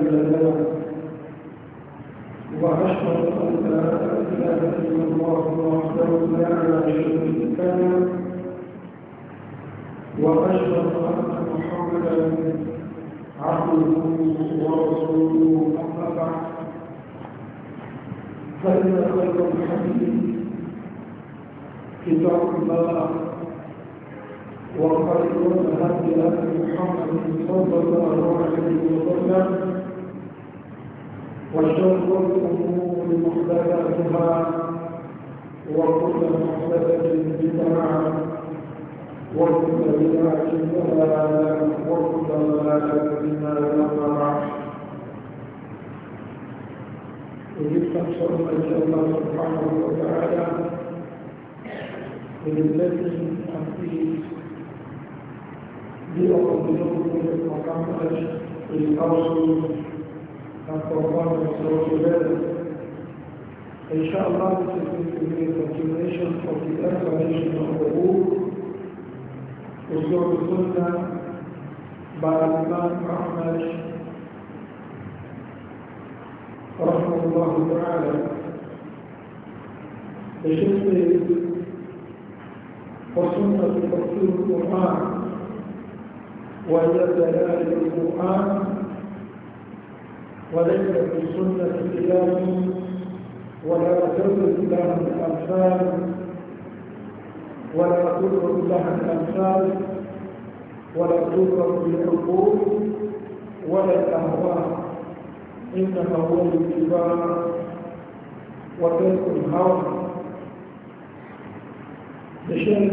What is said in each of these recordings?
إلى الجنة وأشهد أن لا إله إلا الله وحده لا شريك له وأشهد أن محمدا عبده ورسوله أما بعد فإن خير الحديث كتاب الله وخير الهدي هدي محمد صلى الله عليه وسلم وشر الأمور محدثاتها وكل محدثة بدعة وكل بدعة ضلالة وكل ضلالة في النار أما بعد إن شاء الله سبحانه وتعالى بالتي أعطيه لأقدمكم المقام في للأرسل performance of together. Inshallah, this is going to be a continuation of the explanation of the book, Usul Sunnah, by Imam Ahmad, rahmahullah ta'ala. The Shaykh says, وسنة تفسير القرآن وهي دلائل القرآن وليس في سنة الإله ولا تدرس لها الأمثال ولا تدرس لها الأمثال ولا تدرس بالعقول ولا الأهواء إنما هو الاتباع وترك الهوى لشيخ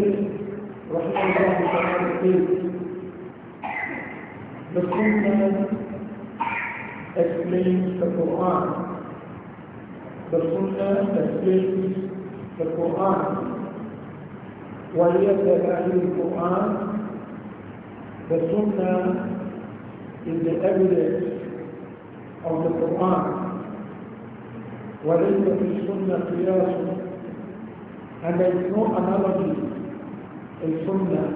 رحمه الله تعالى بالسنة explains the Quran. The Sunnah explains the Quran. وهي دلائل القرآن The Sunnah is the evidence of the Quran. وليس في السنة قياس and there is no analogy in Sunnah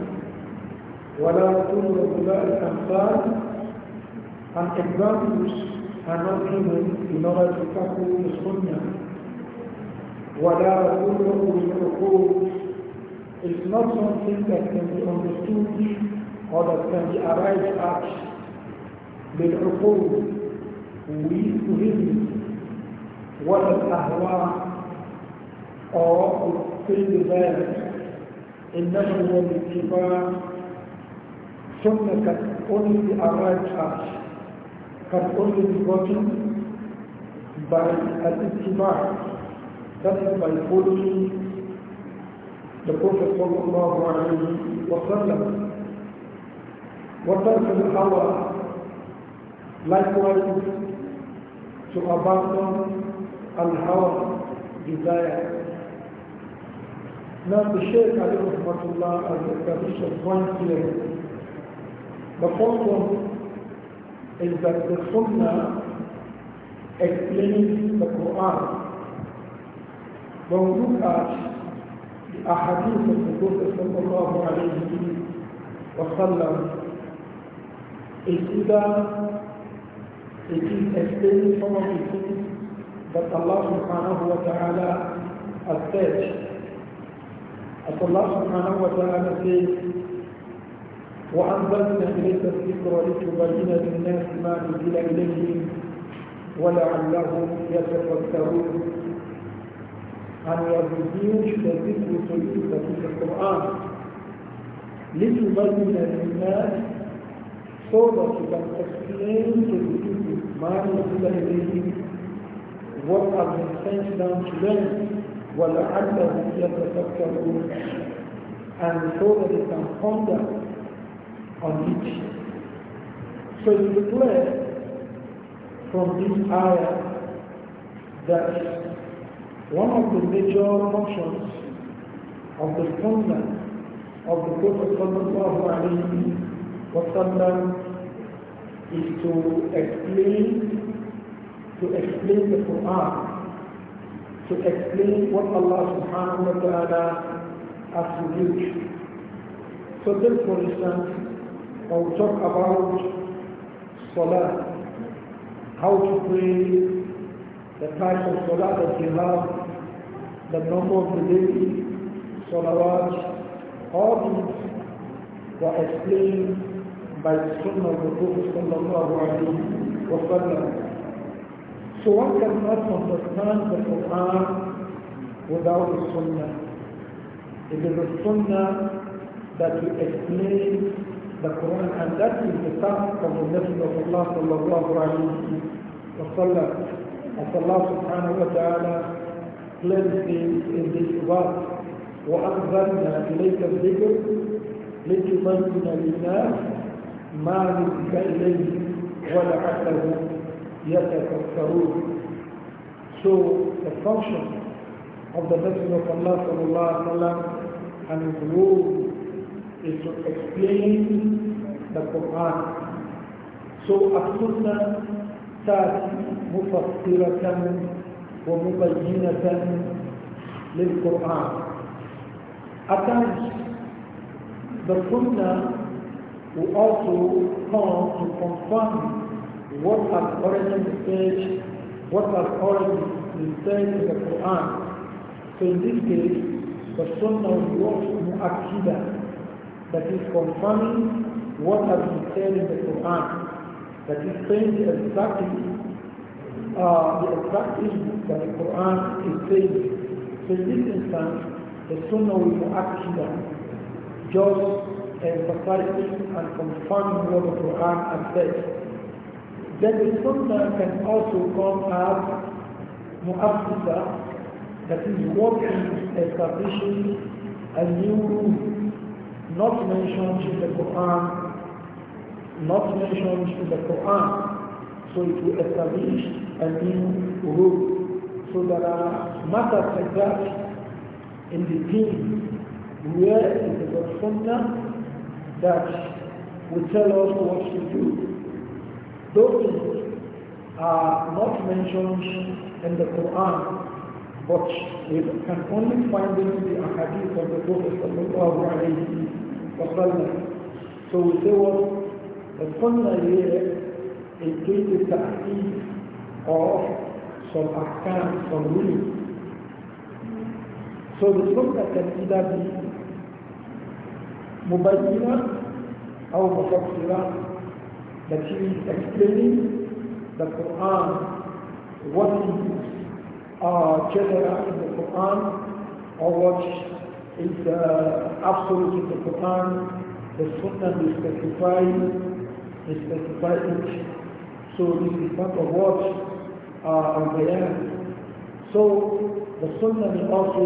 ولا كل أولئك الأمثال and examples are not given in order to tackle the sunnah. Wala is not something that can be understood or that can be arrived at. The Rukul, we to him, what is Ahwa or three desires in national and Something can only be arrived at can only be gotten by an ijtima. That is by following the Prophet sallallahu alayhi wa sallam. وَتَرْكَ الْحَوَى Likewise, to abandon al-hawa, desire. Now the Shaykh Ali Rahmatullah has established a point here. The first one البرسخنة اكلمت القرآن موجودة في أحاديث الحدود صلى الله عليه وسلم إذا إذا أكلم صلى الله عليه وسلم الله سبحانه وتعالى أكلم الله سبحانه وتعالى وأنزلنا إليك الذكر لتبين للناس ما نزل إليهم ولعلهم يتفكرون أن يرجوك الذكر سيئك في القرآن لتبين للناس so that you can explain to the people ما نزل إليهم what has been sent down to them ولعلهم يتفكرون and so that they can ponder on it. So it is clear from this ayah that one of the major functions of the Sunnah of the Prophet is to explain to explain the Quran to explain what Allah subhanahu wa ta'ala has revealed. So take for instance I will talk about Salah, how to pray, the types of Salah that we have, the number of the daily Salawat, all these were explained by the Sunnah of the Prophet sallallahu alayhi wa So one cannot understand the Quran without the Sunnah. It is the Sunnah that will explain the Quran and that is the task of the Messenger of Allah sallallahu alayhi wa sallam as Allah subhanahu wa ta'ala cleanses in this verse وأنزلنا إليك الذكر لتبين للناس ما نزل إليه ولعلهم يتفكرون So the function of the Messenger of Allah sallallahu alayhi wa sallam and his role is to explain the Quran. So As-Sunnah تأتي مفسرة ومبينة Quran. At times, the Sunnah will also come to confirm what has already been said, what has already been said in the Quran. So in this case, the Sunnah will be also mu'akida, that is confirming what has been said in the Quran, that is saying the exact, uh, the exact issue that the Quran is saying. So in this instance, the Sunnah will act here, just emphasizing and confirming what the Quran has said. Then the Sunnah can also come as Mu'assisa, that is working, establishing a new rule not mentioned in the Quran, not mentioned in the Quran. So it will establish a new rule. So there are matters like that in the deen where it is a sunnah that will tell us what to do. Those things are not mentioned in the Quran but we can only find them in the ahadith of the Prophet sallallahu so we say what? The sunnah here is doing the ta'eed of some ahkam, some rules. So the sunnah can either be mubayyina أو مفسرة that he is explaining the Quran, what is uh, general in the Quran or what is uh, absolute in the Quran, the Sunnah is specified, is specified So this is not a watch uh, on the end. So the Sunnah is also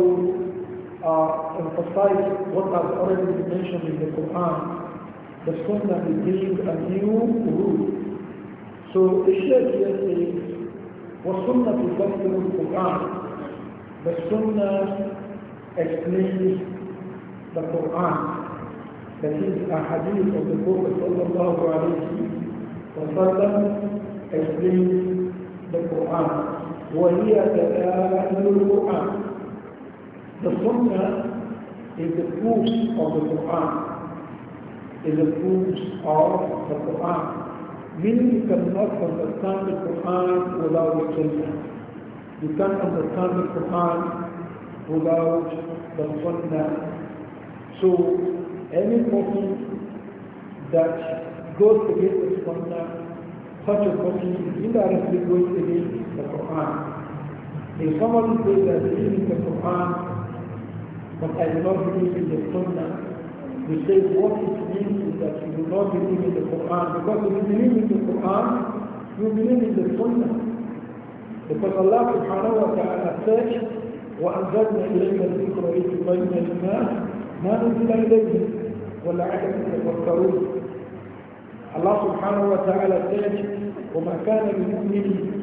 uh, emphasize what has already been mentioned in the Quran. The Sunnah is being a new rule. So the Shaykh here says, وَالسُنَّةُ تَفْتِرُ الْقُرْآنِ The Sunnah explicitly the Quran, that is a hadith of the Prophet sallallahu alayhi wa sallam explains the Quran. وَهِيَ تَتَاءَلُ Quran? The Sunnah is the proof of the Quran, is the proof of the Quran. Meaning you cannot understand the Quran without the Sunnah. You can't understand the Quran without the sunnah. So any person that goes against the sunnah, such a person is indirectly going against the Quran. If someone says that he is the Quran, but I do not believe in the sunnah, he say what it means is that you do not believe in the Quran. Because if you believe in the Quran, you believe in the Sunnah. Because Allah subhanahu wa ta'ala said, وأنزلنا إليك الذكر لتبين للناس ما نزل إليهم ولعلهم يتفكرون الله سبحانه وتعالى قال وما كان لمؤمن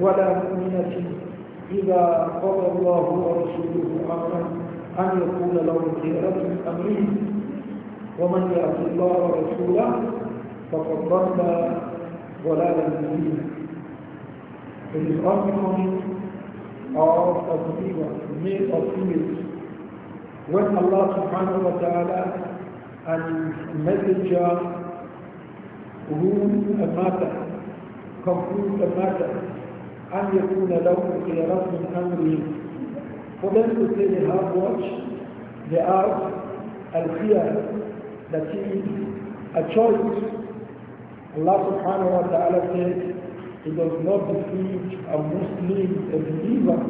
ولا مؤمنة إذا قضى الله ورسوله أمرا أن يكون له الخيرة من أمره ومن يأت الله ورسوله فقد ضل ضلالا مبينا. الأمر is or of believers, male or female. When Allah subhanahu wa ta'ala and messenger rule a matter, conclude a matter, أن يكون a خيارات من أمره. For them to say they have watch, they have al-khiyar, that He, a choice. Allah subhanahu wa ta'ala says, he does not defeat a Muslim, a believer.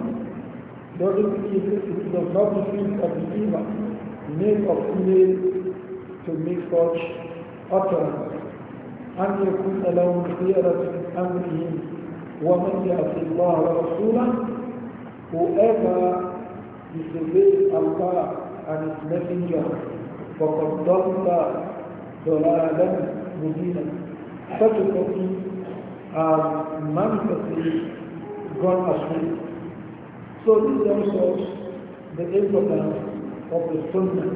Doesn't he, he does not defeat a believer, male or female, to make such utterance. أن يكون لهم خيرة من أمرهم ومن يعصي الله ورسوله whoever disobeys Allah and His Messenger فقد ضل ضلالا مبينا such a person um, manifestly gone astray. So this also the importance of the Sunnah.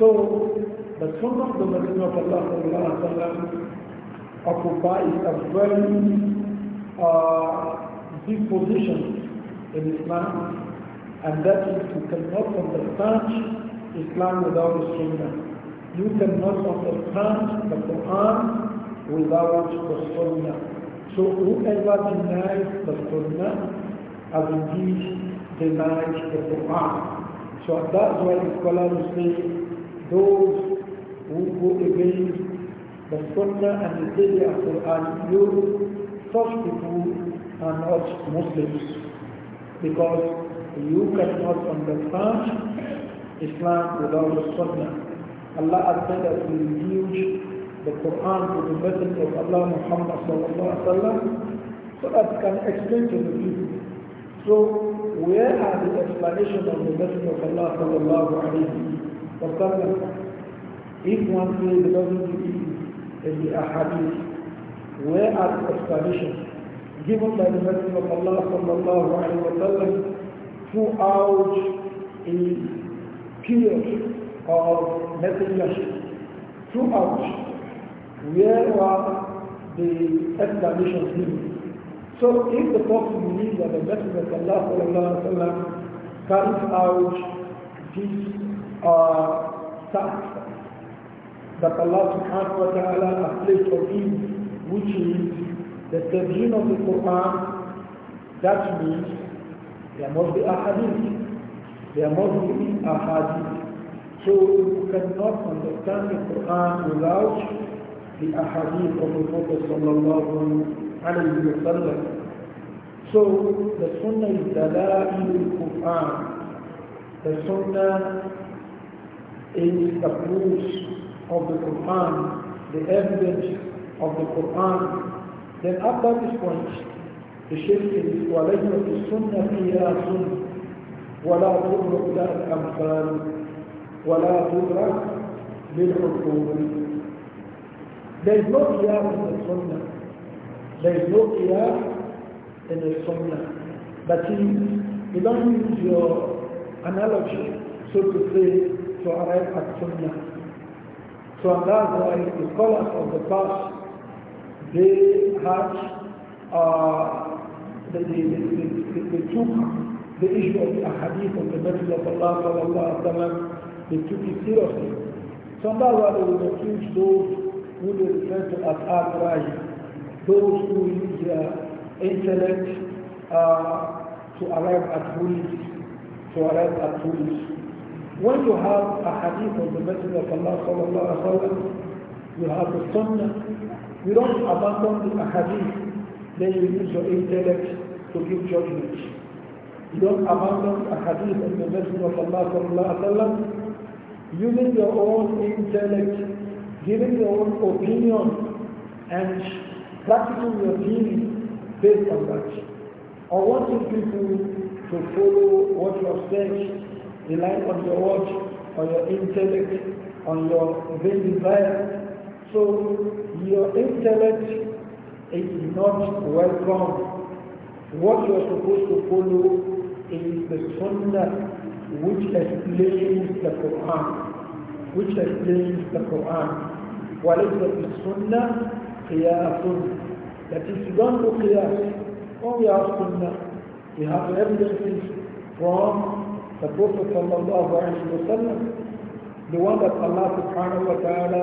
So the Sunnah of the Messenger of Allah وسلم, occupies a very uh, deep position in Islam and that is you cannot understand Islam without the Sunnah. You cannot understand the Quran without the Sunnah. So whoever denies the Sunnah has indeed denied the Quran. So that's why the scholars say those who go against the Sunnah and the Daily of Quran, you, such people are not Muslims because you cannot understand Islam without the Sunnah. Allah has said that we huge the Quran to the Messenger of Allah Muhammad sallam, so that can explain to the people. So where are the explanations of the Messenger of Allah sallallahu alayhi wa sallam? If one says the doesn't is the ahadith, where are the explanations given by the Messenger of Allah sallallahu alayhi wa sallam throughout a period of messengership? Throughout where are the explanations given? So if the Prophet believes that the Messenger of Allah وسلم, carries out this uh, task that Allah subhanahu wa ta'ala has placed on him, which is the Tajin of the Quran, that means there must be a hadith. There must be a hadith. So you cannot understand the Quran without so the sunnah is The sunnah is the proof of the Quran, the evidence of the Quran. Then after this point, the Shaykh is وَلَيْنَ السُنَّةِ فِيهَا سُنَّةٌ وَلَا تُدْرَكْ لَا الْأَمْثَالُ وَلَا تُدْرَكْ بِالْحُكُومِ there is no qiyam in the sunnah. There is no qiyam in the sunnah. That is, you don't use your analogy, so to say, to arrive at sunnah. So and that's why the scholars of the past, they had, uh, they, they, they, they, took the issue of the ahadith of the Messenger of Allah sallallahu alaihi wasallam, they took it seriously. So and that's why they would accuse those who they refer to as those who use their uh, intellect uh, to arrive at rules, to arrive at rules. When you have a hadith of the Messenger of Allah sallallahu alaihi wasallam, you have the Sunnah. You don't abandon the hadith, then you use your intellect to give judgment. You don't abandon a hadith of the Messenger of Allah sallallahu alaihi wasallam using your own intellect giving your own opinion and practicing your deen based on that. Or wanting people to follow what you have said, relying on your watch, on your intellect, on your vain desire. So your intellect is not welcome. What you are supposed to follow is the Sunnah which explains the Quran, which explains the Quran. وليس في السنة قياس that is you don't do qiyas when oh, we are we have evidences from the Prophet of alayhi wa sallam the one that Allah subhanahu wa ta'ala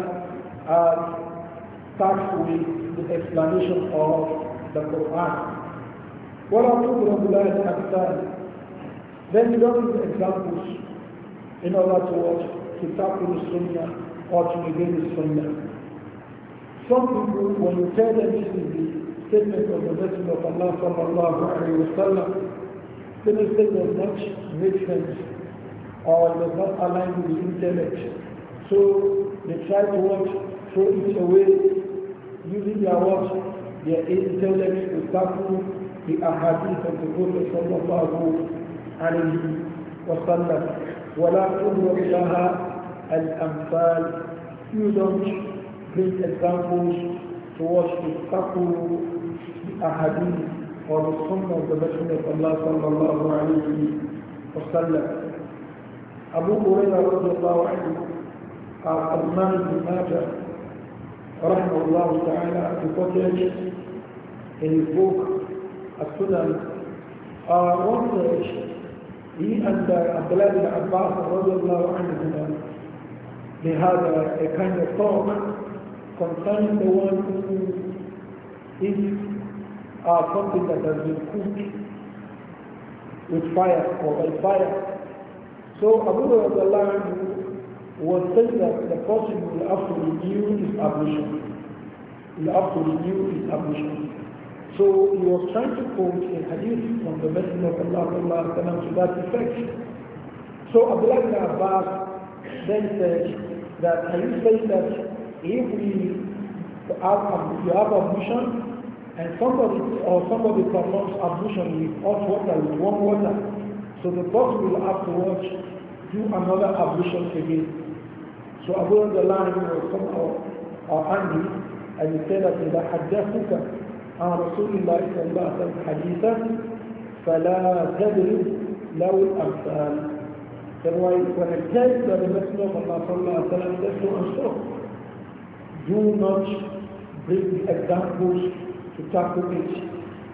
has starts with the explanation of the Quran ولا تضرب لها الأمثال then we don't use examples in order to watch Kitab al the sunnah or to begin the sunnah some people, when you tell them this is the statement of the Messenger of Allah sallallahu alayhi wa sallam, then it does not make sense or does not align with the intellect. So they try to watch, throw it away, using their watch, their intellect to tackle the ahadith of the Prophet sallallahu alayhi wa sallam. ولا تضرب لها الأمثال. You don't great examples to watch the couple ahadith or the sunnah of the Messenger of Allah sallallahu alayhi wa sallam. Abu Huraira radiallahu anhu, Al-Imam ibn Majah, rahmahullah ta'ala, reported in his book, As-Sunan, uh, one day, he and uh, Abdullah ibn Abbas radiallahu anhu, they had a, a kind of talk concerning the one if our something that has been cooked with fire or by fire. So Abu Hurairah was saying that the person will have to renew his ablution. Will have to renew his ablution. So he was trying to quote a hadith from the Messenger of Allah to that effect. So Abdullah ibn Abbas then said that, are you saying that if we have, you have ablution and somebody or somebody performs ablution with hot water, with warm water, so the boss will have to watch, do another ablution again. So Abu the line was some or, or and he said that إذا حدثك عن رسول الله صلى الله عليه وسلم حديثا فلا تدري له الأمثال. when I tell you that the Messenger of Allah صلى الله عليه وسلم said so and do not bring examples to tackle it.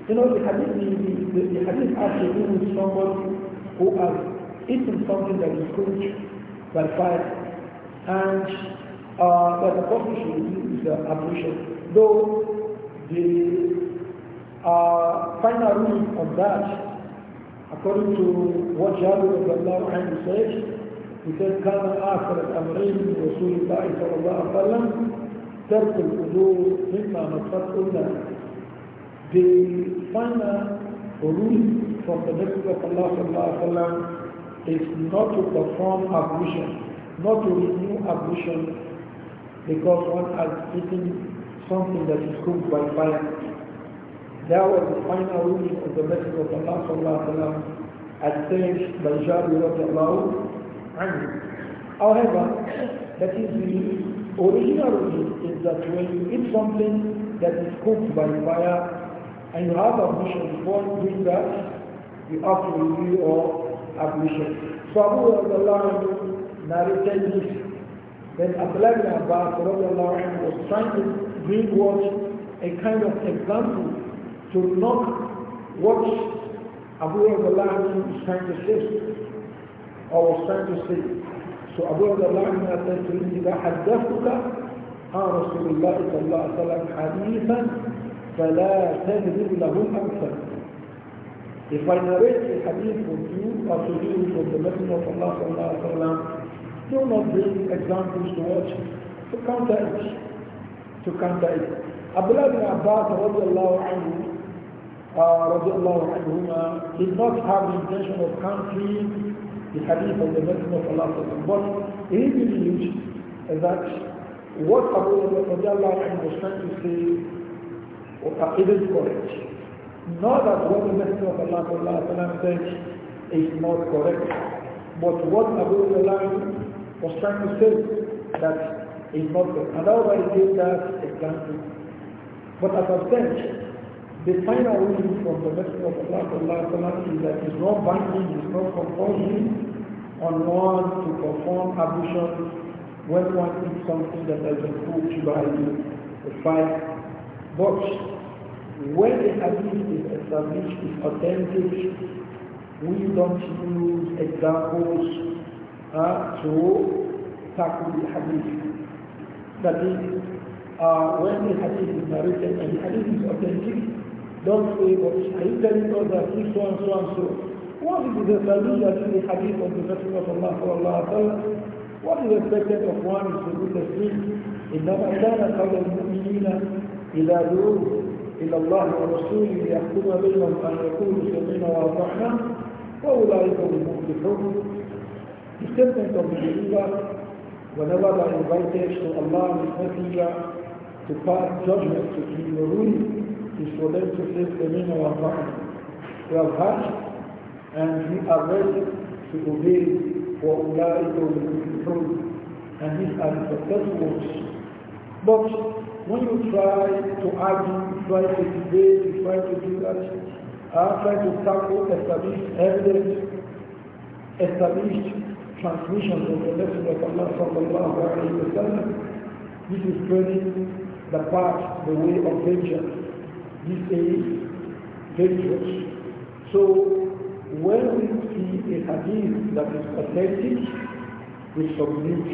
You know, the hadith, the, the, the hadith has to do with somebody who has eaten something that is cooked by fire. And uh, that the person should is the ablution. Though the uh, final ruling on that according to what Jabir radiallahu anhu said, he said, كان آخر الأمرين من رسول الله صلى الله عليه وسلم ترك الحدود مما مصدر لنا The final rule from the Messenger of Allah sallallahu alaihi wasallam is not to perform ablution, not to renew ablution because one has eaten something that is cooked by fire. That was the final ruling of the Messenger of Allah sallallahu alaihi wasallam as said by Jabir radiallahu anhu. However, that is the originally is that when you eat something that is cooked by fire and you have ablution before doing that, you have to review your ablution. So Abu Radallahu narrated this. Then Abdullah ibn Abbas was trying to bring what a kind of example to knock what Abu Radallahu is trying to say or was trying to say. So Abu الله said to him, إذا حدثتك عن رسول الله صلى الله عليه وسلم حديثا فلا تجد له الأمثل. If I narrate a hadith for you or to you from the Messenger of Allah صلى الله عليه وسلم, do not bring examples to watch, to counter it. To counter it. Abdullah bin Abbas رضي الله عنه Uh, عنهما, did not have the intention of countering the hadith of the Messenger of Allah. But he believes that what Abu Hurairah was trying to say it is correct. Not that what the Messenger of Allah said is not correct, but what Abu Abdullah was trying to say that is not correct. And I will give that example. But as I said, the final ruling from the Messenger of Allah, Allah is that there is not binding, there is not compulsory on one to perform ablution when one eats something that has been cooked by the fire. But when the hadith is established, is authentic, we don't use examples uh, to tackle the hadith. That is, uh, when the hadith is narrated and the hadith is authentic, don't say, what are you telling us that this so and so and so? What is the salute that is the hadith of the Messenger of Allah sallallahu Allah? wa the What is expected of one is to do the sin. إنما كان Allah, the إذا دعوا إلى الله ورسوله ليحكم بينهم أن يقولوا سمعنا وأطعنا وأولئك هم المفلحون The statement of the believer whenever they are invited to Allah and His Messenger to pass judgment to the ruling is for them to take the name of Rahman. We have heard and we are ready to obey for Ulaika control and these are the successful ones. But when you try to argue, try to debate, try to do that, uh, try to tackle established evidence, established transmission of the message of Allah sallallahu alayhi wa sallam, this is turning the path, the way of danger this is dangerous. So when we see a hadith that is authentic, we submit.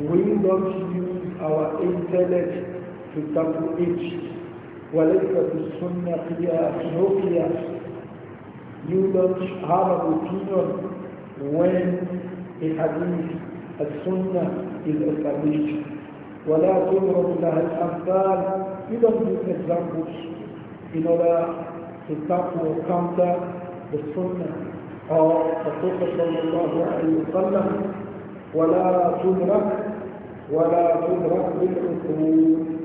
We don't use our intellect to tackle it. وليس the sunnah قياس no قياس. You don't have an opinion when a hadith, a sunnah is established. ولا تضرب لها الأمثال You don't use examples in order to come to counter the Sunnah or the Prophet صلى الله عليه وسلم ولا تدرك ولا تدرك بالعقول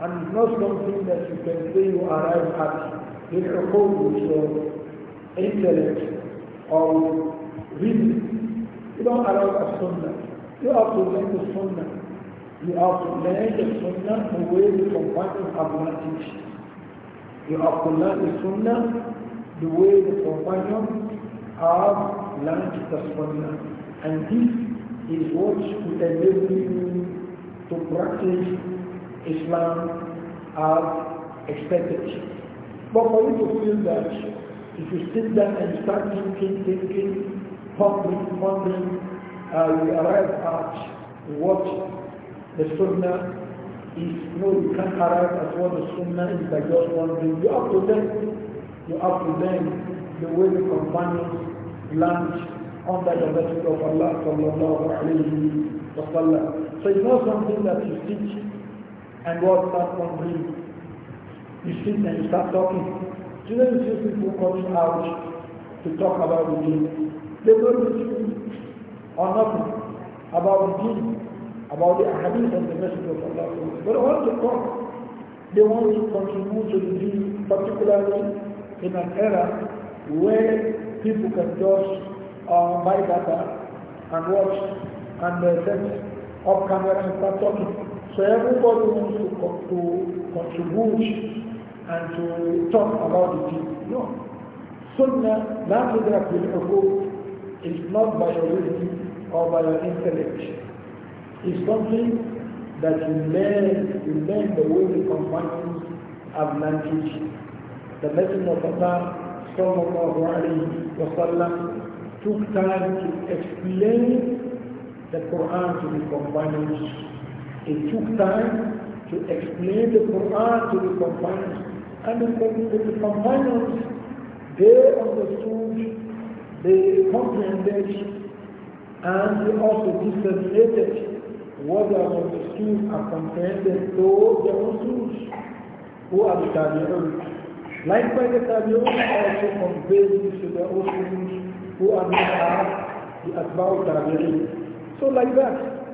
and it's not something that you can say you arrive at بالعقول with your intellect or reason you don't arrive at Sunnah you have to learn the Sunnah You have to learn the Sunnah the what the companions have not teached. You have to learn the Sunnah the way the companions have learned the Sunnah. And this is what will enable you to practice Islam as expected. But for you to feel that if you sit down and start thinking, thinking, pondering, pondering, uh, you arrive at what the sunnah is, no, you can't arrive at what the sunnah is by just one You have to them, you have to them the way the companions lunch under the mercy of Allah sallallahu alayhi wa sallam. So it's not something that you teach and what that one brings. You sit and you start talking. Do you know you see people coming out to talk about the deen? They don't teach or nothing about the deen about the hadith of the Messenger of Allah. But all the come, they want to contribute to the deen, particularly in an era where people can just uh, buy data and watch and uh, set up camera and start talking. So everybody wants to, co- to contribute and to talk about the deen. No. Sunnah, la tudrak bil is not by your reason or by your intellect is something that you learn, you learn the way the companions have managed. The Messenger of Allah sallallahu Alaihi Wasallam, took time to explain the Quran to the companions. He took time to explain the Quran to the companions. And the, the, the companions, they understood, they comprehended, and they also disseminated what they are understood and comprehended those the Muslims who are the Tabi'un. Likewise, the Tabi'un also convey this to the Muslims who are not as the Atba'u Tabi'un. So like that.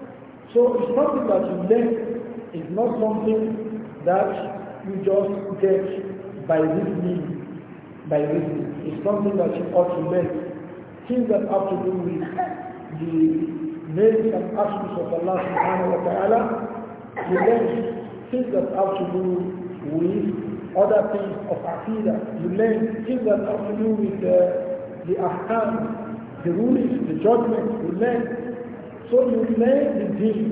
So it's something that you learn. It's not something that you just get by reading. By reading, It's something that you ought to learn. Things that have to do with the made some actions of Allah subhanahu wa ta'ala things that have to do with other things of Aqidah. You learn things that have to do with the, uh, the ahkam, the rulings, the judgment. You learn. So you learn the deen.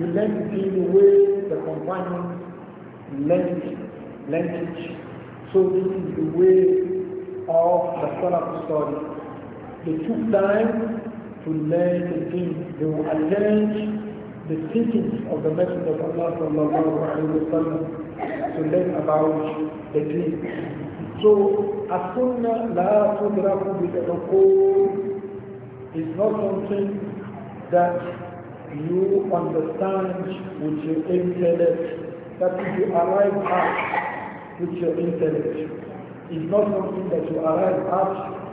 You learn the deen the way the companions learned language. So this is the way of the Salaf study. They took time to learn the deen. They will the teachings of the Messenger of Allah sallallahu wa to learn about the deen. So, as-sunnah la tudraku bil is not something that you understand with your intellect, that you arrive at with your intellect. It's not something that you arrive at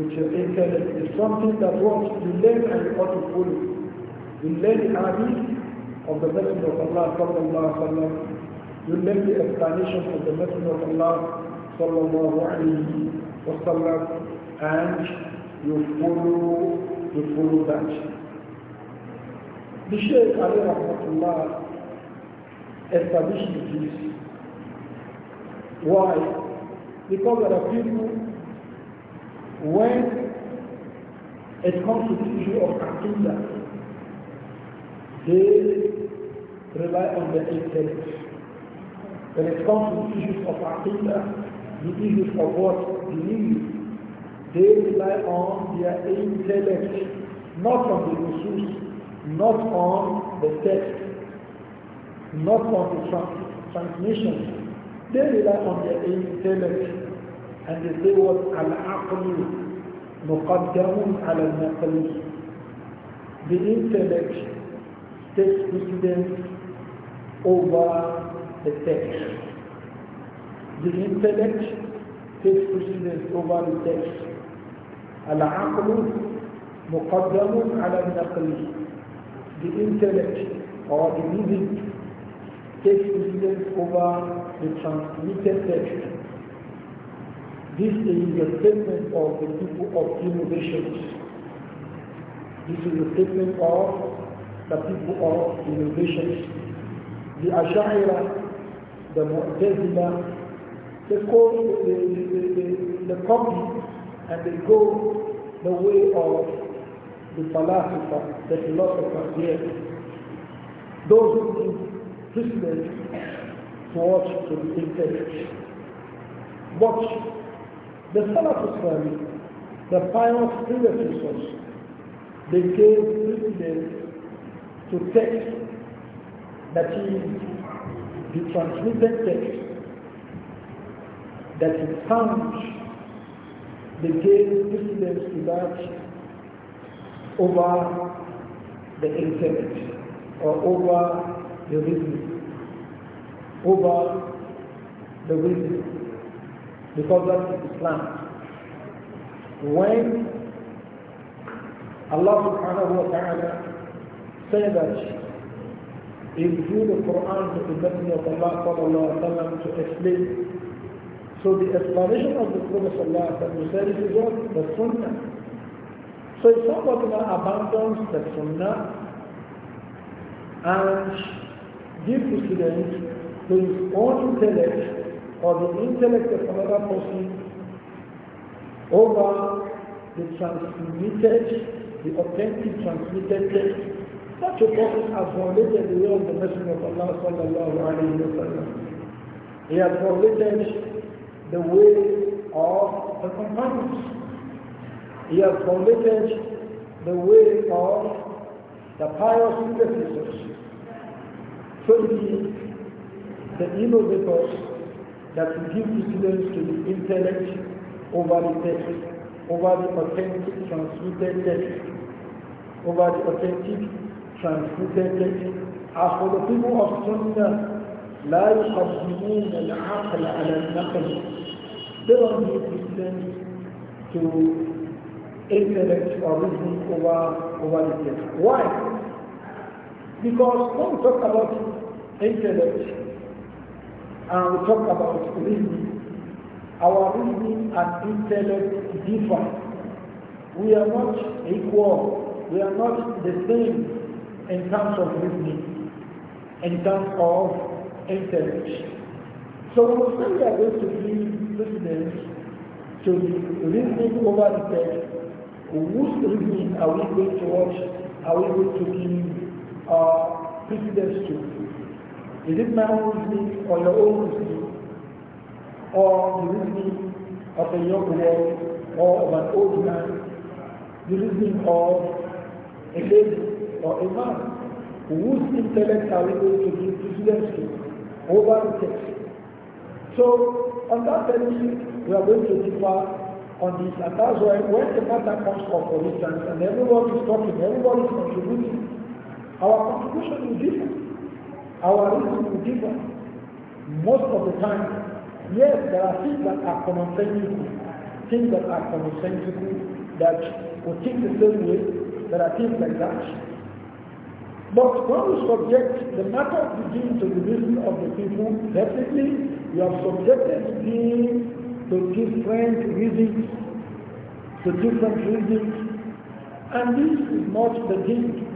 with your intellect. It's something that what you learn and you ought to follow. You learn the hadith of the Messenger of Allah sallallahu alaihi wasallam. You learn the explanation of the Messenger of Allah sallallahu alaihi wasallam, and you follow you follow that. The Shaykh Ali rahmatullah established this. Why? Because there are people when it comes to the issue of Aqidah, they rely on the intellect. When it comes to the issues of Aqidah, the issues of what? Belief, they rely on their intellect, not on the issues, not on the text, not on the trans- transmission. They rely on their intellect and they say what Allah. العقل على النقل The intellect takes precedence over the text. The intellect takes precedence over the text. العقل مقدم على النقل. The intellect or the reason takes precedence over the transmitted text. This is the statement of the people of innovations. This is the statement of the people of innovations. The Ash'ira, the Mu'tazila, they go the, the, the, the, copy and they go the way of the philosopher, the philosopher here. Those who think prisoners watch to the intellect. Watch the Salafus Salih, the pious predecessors, they gave precedence to text that is the transmitted text that is found. They gave precedence to that over the internet or over the reason, over the reason because that is Islam. When Allah subhanahu wa ta'ala said that if you the Quran to the Messenger of Allah sallallahu alayhi wa sallam to explain, so the explanation of the Prophet sallallahu alayhi wa sallam is what? The Sunnah. So if somebody abandons the Sunnah and gives to students his own intellect or the intellect of another person over the transmitted, the authentic transmitted text, such a person has violated the law of the Messenger of Allah sallallahu alayhi wa sallam. He has violated the way of the companions. He has violated the way of the pious predecessors. So the, the innovators that gives give students to the intellect over the text, over the authentic transmitted text, over the authentic transmitted text. As for the people of Sunnah, لا يقدمون العقل على النقل. They don't give precedence to intellect or reason over, over the text. Why? Because when we talk about intellect, and we talk about reasoning. Our reasoning and intellect differ. We are not equal. We are not the same in terms of reasoning, in terms of intellect. So when we are going to give precedence to reasoning over the text, whose reasoning are we going to watch? Are we going to give uh, precedence to? Is it my own reasoning or your own reasoning? Or the reasoning of a young boy or of an old man? The reasoning of a lady or a man? Whose intellect are we going to give precedence to over the text? So, on that basis, we are going to differ on this. And that's why when the matter comes up, for instance, and everybody is talking, everybody is contributing, our contribution is different. Our reason is different. Most of the time, yes, there are things that are sense, things that are sense that we think the same way, there are things like that. But when we subject the matter of the deen to the reason of the people, definitely you have subjected the deen to different reasons, to different reasons, and this is not the deen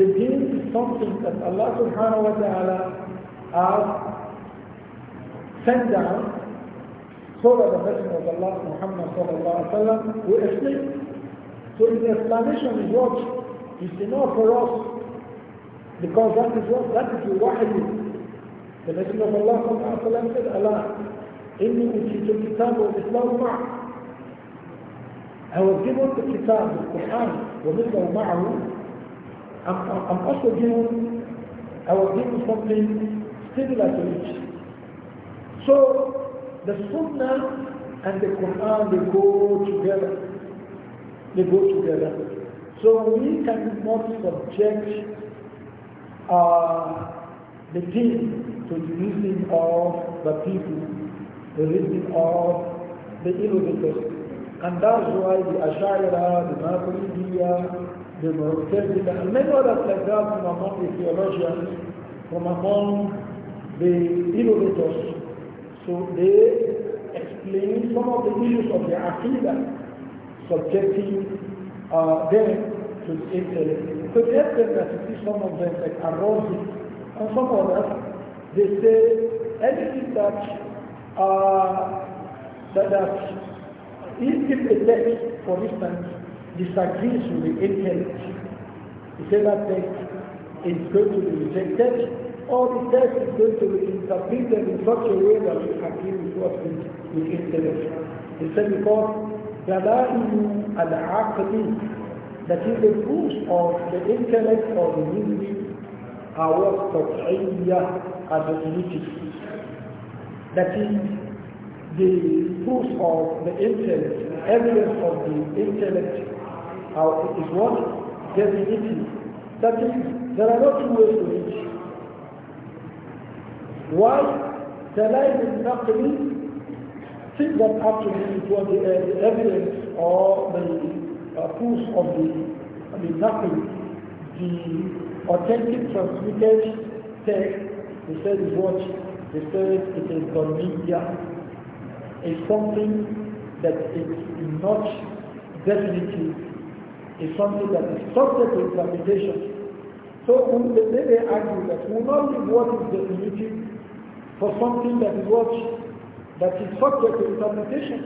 the deen is something that Allah subhanahu wa ta'ala has sent down so that the Messenger of Allah Muhammad sallallahu alaihi wasallam will explain. So the explanation is what is enough for us because that is what that is the wahyu. The Messenger of Allah sallallahu wa wasallam said, Allah, إني أوتيت الكتاب والإسلام معه. I was given the Kitab, the Quran, ومثله معه I'm, I'm also given, I was given something similar to it. So the Sunnah and the Quran, they go together. They go together. So we cannot subject uh, the thing to the reason of the people, the reason of the innovators. And that's why the Ashaira, the Maturidiyah, the Mu'tazila, and many others like that from among the theologians, from among the innovators. So they explain some of the issues of the Aqidah, subjecting uh, them to the intellect. So the extent that see some of them like Arrozi and some others, they say anything that uh, that, that if a text, for instance, disagrees with the intellect, the that text is going to be rejected, or the text is going to be interpreted in such a way that we agree with what we, we intellect. He said because دلائل العقل that is the proofs of the intellect or the unity are what قطعية are definitive. That is the proofs of the intellect, the evidence of the intellect how it is what? Definitely. That is, there are no two ways to reach. Why? the Dalail is naqli things that actually it the, uh, the evidence or the uh, proof of the, I mean, nothing. the authentic transmitted text, the said is what? the said it is media, is something that is not definitive is something that is subject to interpretation. So they, they argue that we will not leave what is definitive for something that is what that is subject to interpretation.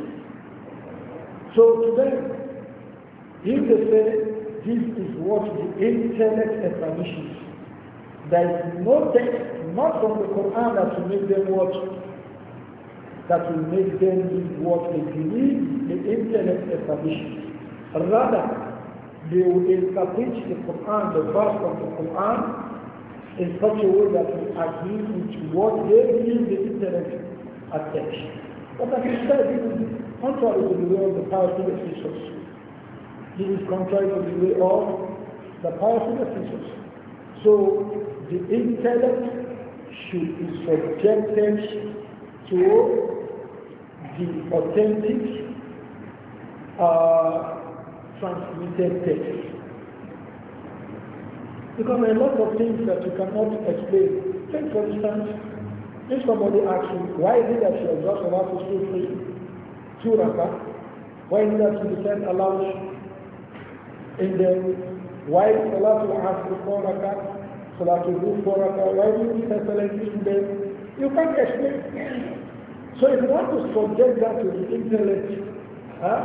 So today, if they say this is what the internet establishes, there is no text, not from the Quran, that will make them watch that will make them what they believe the internet establishes. Rather, they will establish the Quran, the verse of the Quran, in such a way that it agrees with what they believe the intellect attached. But as you said, this is contrary to the way of the powerful officials. This is contrary to the way of the powerful officials. So the intellect should be subjected to the authentic uh, transmitted text. Because there are a lot of things that you cannot explain. Take for instance, if somebody asks you, why is it that you are just allowed to speak three, two raka? Why is it that you descend allowed in the Why is allowed to ask for four raka? So that you do four raka? Why do you descend in them? You can't explain. So if you want to subject that to the intellect, huh,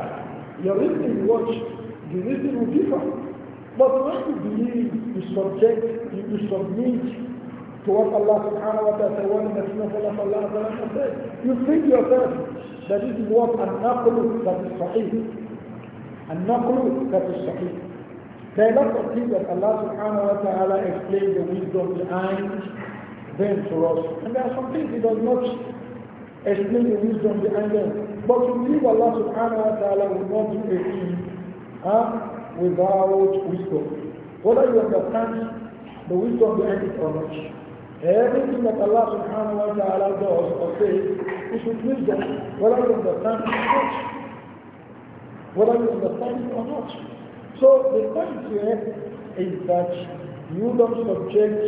your reasoning watch the reason will differ. But when you believe, you subject, you, submit to what Allah subhanahu wa ta'ala said, the Messenger of Allah said, you think yourself that this is what an naqlu that is sahih. An naqlu that is sahih. There are lots of things that Allah subhanahu wa ta'ala explained the wisdom behind them to us. And there are some things He does not explain the wisdom behind them. But to believe Allah subhanahu wa ta'ala will not do a thing huh? without wisdom. Whether you understand the wisdom behind it or not. Everything that Allah subhanahu wa ta'ala does or says is with wisdom, whether you understand it or not. Whether you understand it or not. So the point here is that you don't subject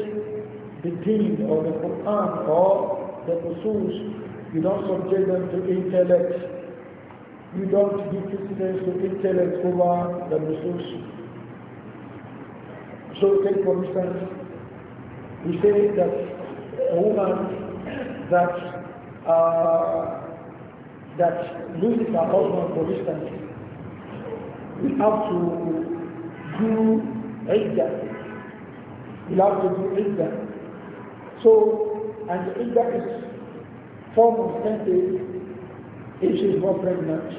the deen or the Quran or the Qusus, you don't subject them to intellect you don't give precedence to intellect over the resource. So take for instance, we say that a woman that uh, that loses her husband for instance, we have to do iddah. We have to do iddah. So, and iddah is form of 10 if she's not pregnant,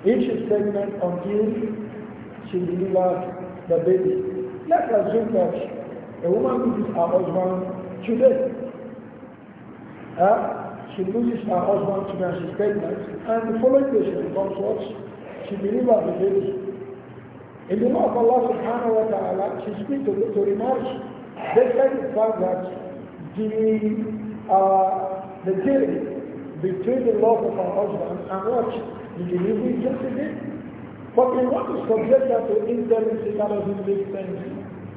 if she's pregnant until she delivers the baby, let's assume that a woman loses her husband today. Uh, she loses her husband today and she's pregnant, and the following day she becomes what? She delivers the baby. In the name of Allah subhanahu wa ta'ala, she's free to, to remarry. Despite the fact that the, uh, the theory between the love of our husband and what the delivery just again. But we want to subject that to indecency that doesn't make sense.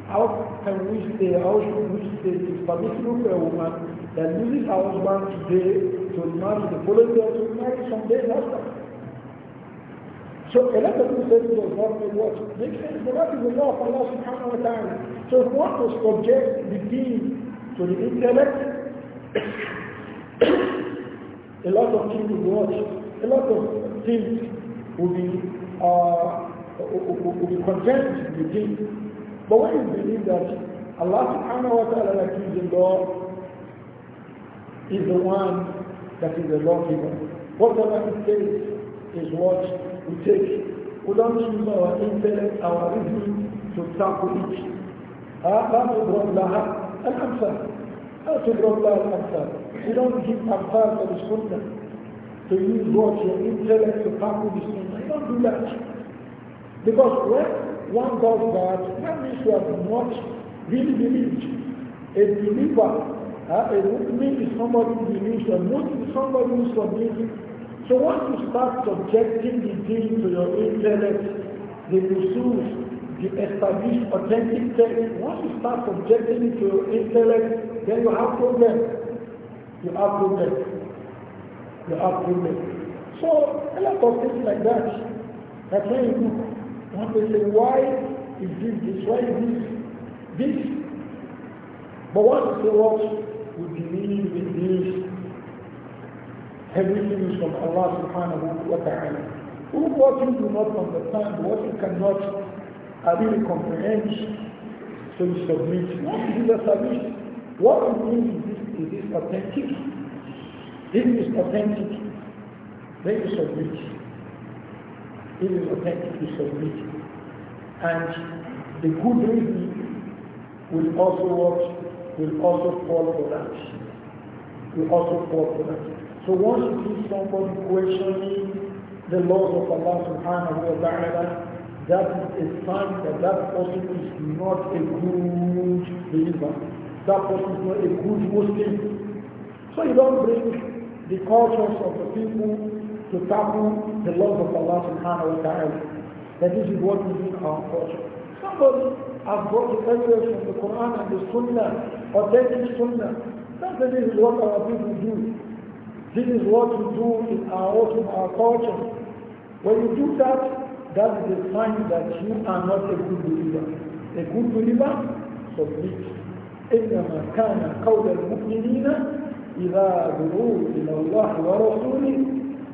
How can we stay, how should we stay? It's permissible for a woman that loses her husband today to marry the following day to marry someday after. So a lot of people say does not make what makes sense, but that is the law of Allah subhanahu wa ta'ala. So if we want to subject the deed to the intellect, a lot of things will watch, a lot of things will be, uh, will be contented with things. But when you believe that Allah subhanahu wa ta'ala like is the Lord, is the one that is the lawgiver. Whatever it takes is what we take. We don't use our intellect, our reason to tackle it. لا تضرب لها الأمثال لا تضرب لها الأمثال you don't give part of the sunnah. To use what your intellect to tackle the sunnah. You don't do that. Because when one does that, that means you have not really believed. A believer, uh, a mu'min is somebody who believes, a mu'min is somebody who is submitting. So once you start subjecting the deen to your intellect, the nusus, the established authentic text. Once you start subjecting it to your intellect, then you have problems you have problem. You have problem. So a lot of things like that. That's why you want to say, why is this this? Why is this this? But what is the say what? We believe in this. Everything is from Allah subhanahu wa ta'ala. Who what you do not understand, what you cannot really comprehend, so you submit. What is the submission? What it means is this, is this authentic? This is authentic, then you submit. If it is authentic, you submit. And the good reason will also watch, will also fall for that. Will also fall for that. So once you see somebody questioning the laws of Allah subhanahu wa ta'ala, that is a sign that that person is not a good believer that person is not a good Muslim. So you don't bring the cultures of the people to tackle the laws of Allah subhanahu wa ta'ala. That this is what we need our culture. Somebody has brought the evidence from the Quran and the Sunnah, authentic Sunnah. That this is what our people do. This is what we do in our, in our culture. When you do that, that is a sign that you are not a good believer. A good believer submits إنما كان قول المؤمنين إذا دعوا إلى الله ورسوله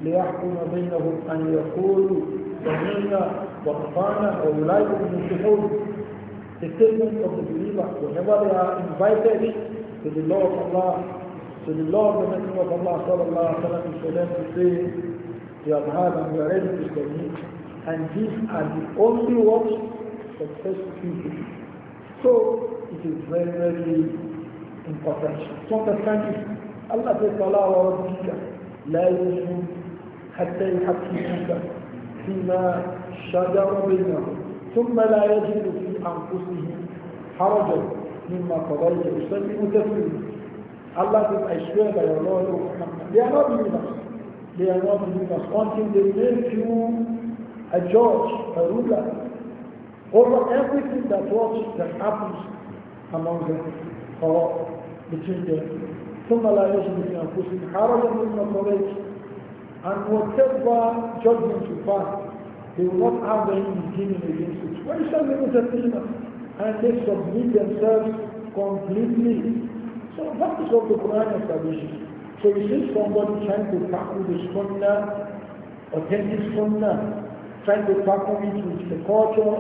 ليحكم بينهم أن يقولوا سمعنا وأطعنا وأولئك المفلحون The statement of the believer whenever they are invited to the law of Allah, to the law of the Messenger of Allah sallallahu alaihi wasallam is for them to say, we have heard and we are ready to submit. And these are the only ones first people. So is very, very important. So the fact is, Allah says, Allah wa rabbika, la yusuf, hatta yuhakimuka, fima shajaru bainahum, ثم لا يجد في أنفسهم حرجا مما قضيت يسلم تسليما Allah says, I swear by your Lord, O Muhammad. They are not believers. They are not believers. Until they make you a judge, a ruler, over everything that was, that happens among them or between them. ثم لا يجد في أنفسهم حرجا مما قضيت and whatever judgment you pass they will not have any beginning against it. Why shall they be and they submit themselves completely? So that is what the Quran establishes. So you see somebody trying to tackle the sunnah, authentic sunnah, trying to tackle it with the culture,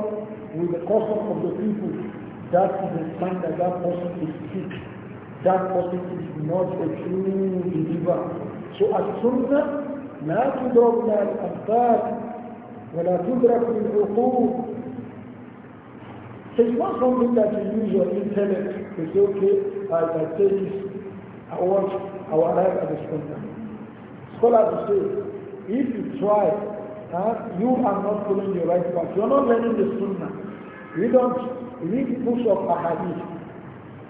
with the custom of the people, that is the sign that that person is sick. That person is not a true believer. So as-sunnah لا تدرك مع الأخبار ولا تدرك بالعقول It's not something that you use your intellect to say, okay, I can take this, I want, I will arrive at this content. Scholars say, if you try, huh, you are not following the right path. You are not learning the sunnah. You don't read books of ahadith.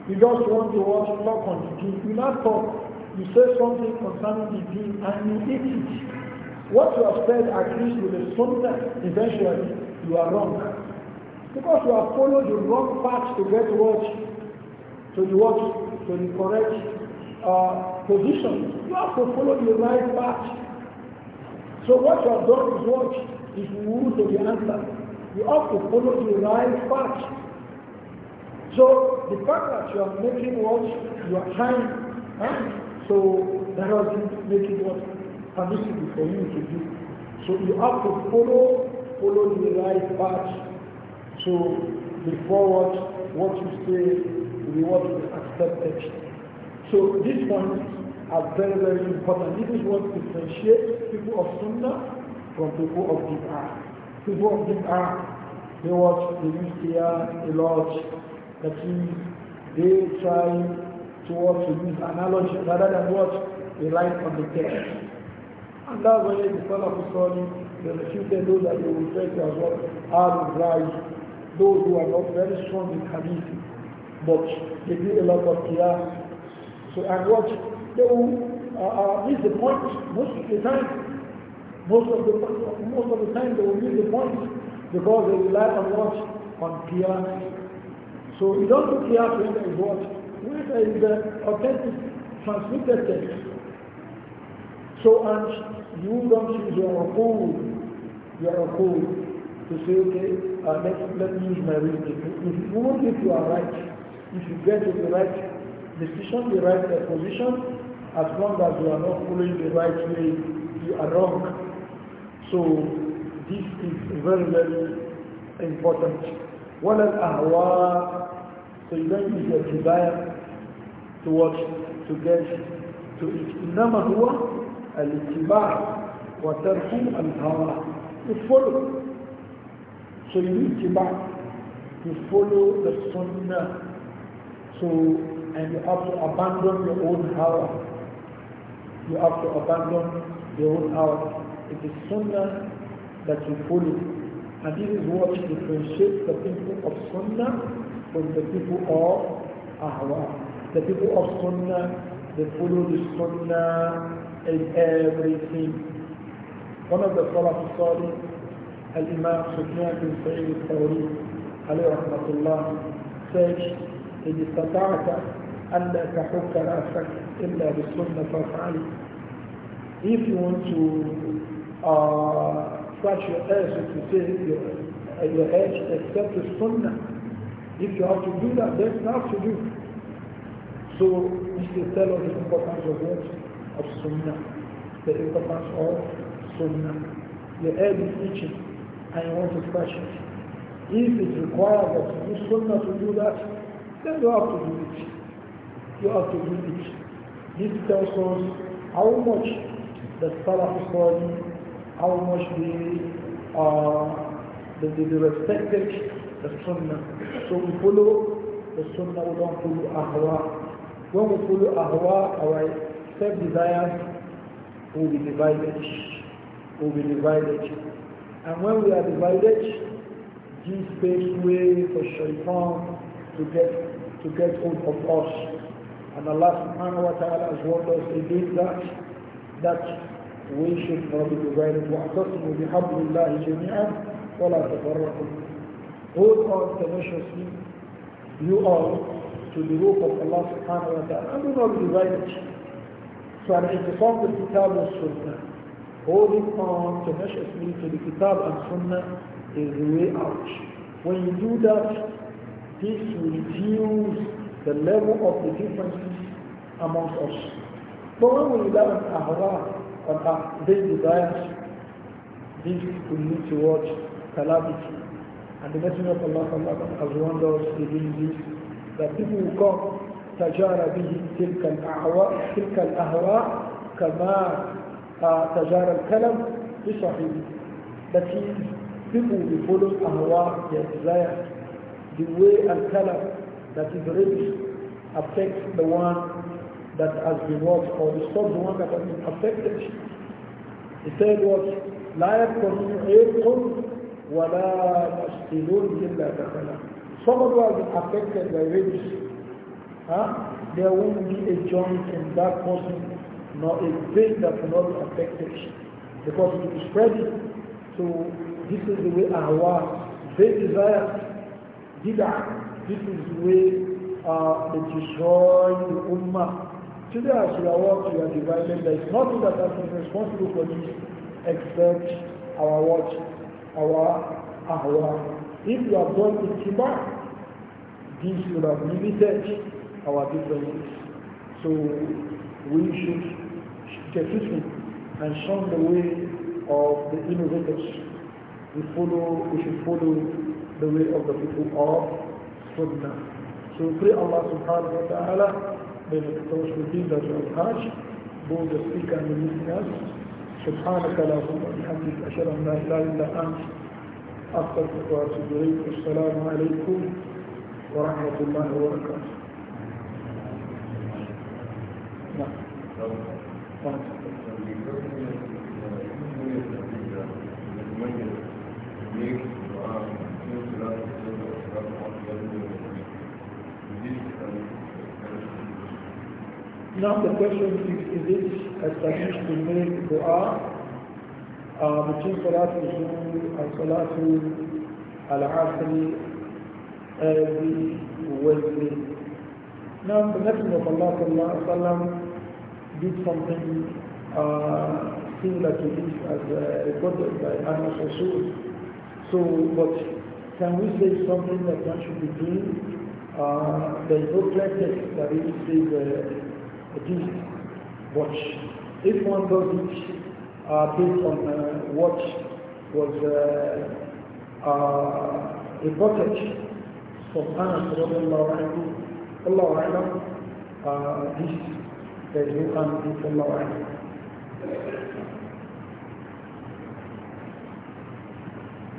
You just want to watch talk on the deen. You not talk. You say something concerning the deen and you eat it. What you have said agrees with the sunnah. Eventually, you are wrong. Because you have followed the wrong path to get what? To the what? To the correct uh, position. You have to follow the right path. So what you have done is what? Is move to the answer. You have to follow the right path. So the fact that you are making what you are trying, huh? so that doesn't make it what permissible for you to do. So you have to follow follow the right path. So before what what you say will be what is accepted. So these ones are very, very important. This is what differentiates people of Sunnah from people of Bid'ah. People of Bid'ah, they watch, they use a lot, that is, they try to use analogy rather than what rely on the text. And that's why the Salaf Sali, they refuted those that they refer to as what are right, those who are not very strong in hadith, but they do a lot of qiyas. So, and what they will uh, uh, miss the point most of the time. Most of the most of the time they will miss the point because they rely on what on qiyas so we don't look here for what? Whether the authentic transmitted text. So and you don't use your own, your own to say, okay, uh, let, let me use my reasoning. If you if you are right, if you get to the right decision, the right position, as long as you are not following the right way, you are wrong. So this is very, very important. ولا الأهواء so you don't use your desire to watch to get to it إنما هو الاتباع وترك الهوى you follow so you need اتباع you follow the sunnah so and you have to abandon your own hour you have to abandon your own hour it is sunnah that you follow and this is what differentiates the people of Sunnah from the people of Ahwa. The people of Sunnah, they follow the Sunnah in everything. One of the Salaf Salih, Al-Imam Sufyan bin Sa'id al-Tawri, alayhi rahmatullah, said, إن استطعت أن لا تحك رأسك إلا بالسنة فافعل. If you want to uh, such as you say your, your edge except the sunnah. If you have to do that, that's not to do. So this will tell us the importance of what? Of sunnah. The importance of sunnah. Your head is itching and you want to question. it. If it's required that you do sunnah to do that, then you have to do it. You have to do it. This tells us how much the Salaf is how much they, uh, they, they respected the sunnah. So we follow the sunnah, we don't follow ahwa. When we follow ahwa, our self-desires will be divided, will be divided. And when we are divided, this paves way for shaitan to get, to get hold of us. And Allah subhanahu wa ta'ala has warned us against that, that وانشدوا بذلك واعتصموا بحبل الله جميعا ولا تفرقوا Hold on tenaciously, you are to the rope of Allah subhanahu wa ta'ala, and do not divide it. So an itisam the kitab and sunnah, holding on tenaciously to the kitab and sunnah is the way out. When you do that, this will reduce the level of the differences amongst us. But when we learn ahwah, But uh, these desires, these need to watch calamity. And the Messenger of Allah, Allah has warned us within this that people will come تجار به تلك الأهواء تلك الأهواء كما تجار الكلم بصحيح that is people will follow أهواء their desire the way al-kalam that is rich affects the one that has been worked or disturb the one that has been affected. He said what لا يبقون عيقهم ولا يسقلون إلا دخلا. Someone who has been affected by rabies, huh? there won't be a joint in that person nor a vein that will not be affected because it is spreading. So this is the way our vain desires, bid'ah, this is the way uh, they destroy the ummah Today as we are what you are divided, there is nothing that has been responsible for this except our watch, our ahwa. If you have done up, this would have limited our differences. So we should get and shun the way of the innovators. We follow, we should follow the way of the people of Sunnah. So pray Allah subhanahu wa ta'ala بين التوحيدين الحاج بود السيكا من الناس سبحانك لا هو بحمدك أشهد أن لا إله إلا أنت أستغفرك وأتوب إليك والسلام عليكم ورحمة الله وبركاته. نعم. Now the question is, is it established to make dua uh, between Salat al-Zuhr and Salat al-Asri every Wednesday? Now the Messenger of Allah sallallahu alaihi wasallam did something uh, similar to this as uh, recorded by Anas Rasul. So, but can we say something that one should be doing? Uh, there is no clear text that really says uh, this. But if one does it uh, based on uh, what was uh, uh, reported from Anas Allah uh, this there is no harm in Allah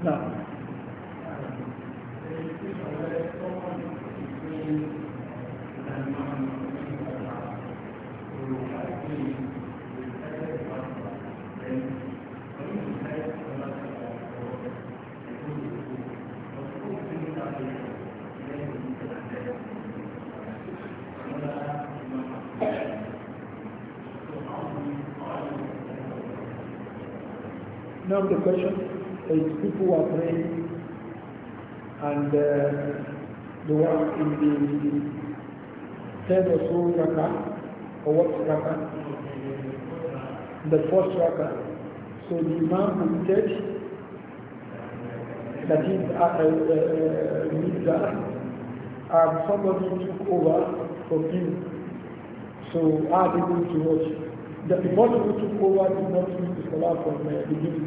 Now, Thank you. Now the question is people are praying and uh, the one in the third or so rakah or what rakah? The first rakah. So the Imam will that that is uh, uh, uh Middah, and somebody took over from him. So are they going to watch? The, the person who took over did not read the Salah from uh, the beginning.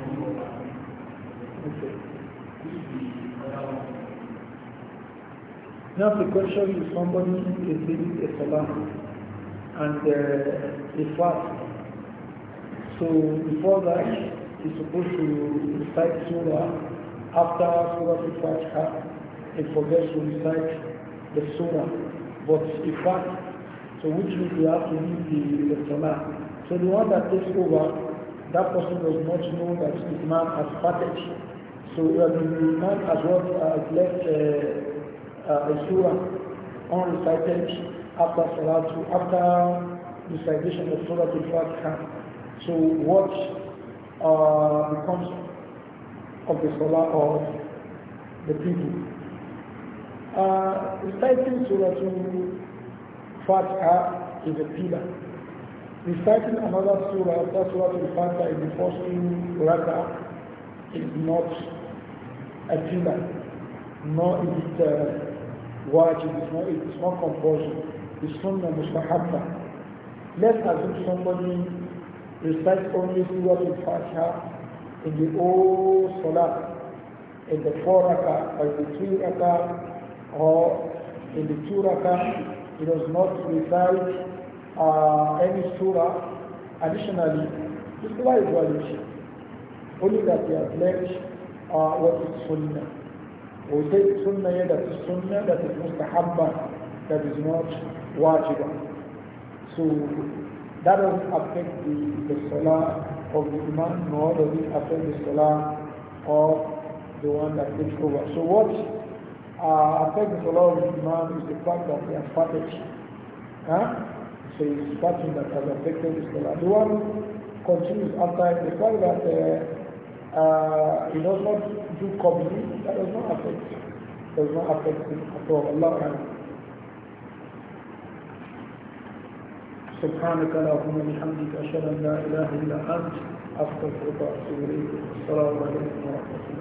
Now the question is somebody is reading a salah and uh, a fast. So before that, he's supposed to recite surah. After surah al fatiha, he forgets to recite the surah, but he fast. So which means he have to read the, the So the one that takes over, that person does not know that his man has started so you have been man as well uh, as left uh, uh, a surah unrecited after Salah to after recitation of Surah Al-Fatiha. So what uh, becomes of the Salah of the people? Uh, reciting Surah Al-Fatiha is a pillar. Reciting another surah after Surah Al-Fatiha in the first few is not a sunnah, nor is it uh, wajib, it's not, it's not compulsory. It's sunnah mustahabba. Let's assume somebody recites only Surah Al-Fatiha in the old Salah, in the four rakah, or in the three rakah, or in the two rakah, he does not recite uh, any surah additionally. This is why it's Only that he has left uh, what is sunnah. We say sunnah here, that is sunnah, that is mustahabba, that is So that will affect the, the salah of the imam, nor does it affect the salah of the one that takes over. So what uh, affects the salah of the imam is the fact that they are fatted. Huh? So it's something that has affected the salah. The one continues after the fact that uh, uh, he does not do comedy, that does not affect Does not affect him Allah Ta'ala. سبحانك اللهم وبحمدك أشهد أن لا إله إلا أنت أستغفرك وأتوب إليك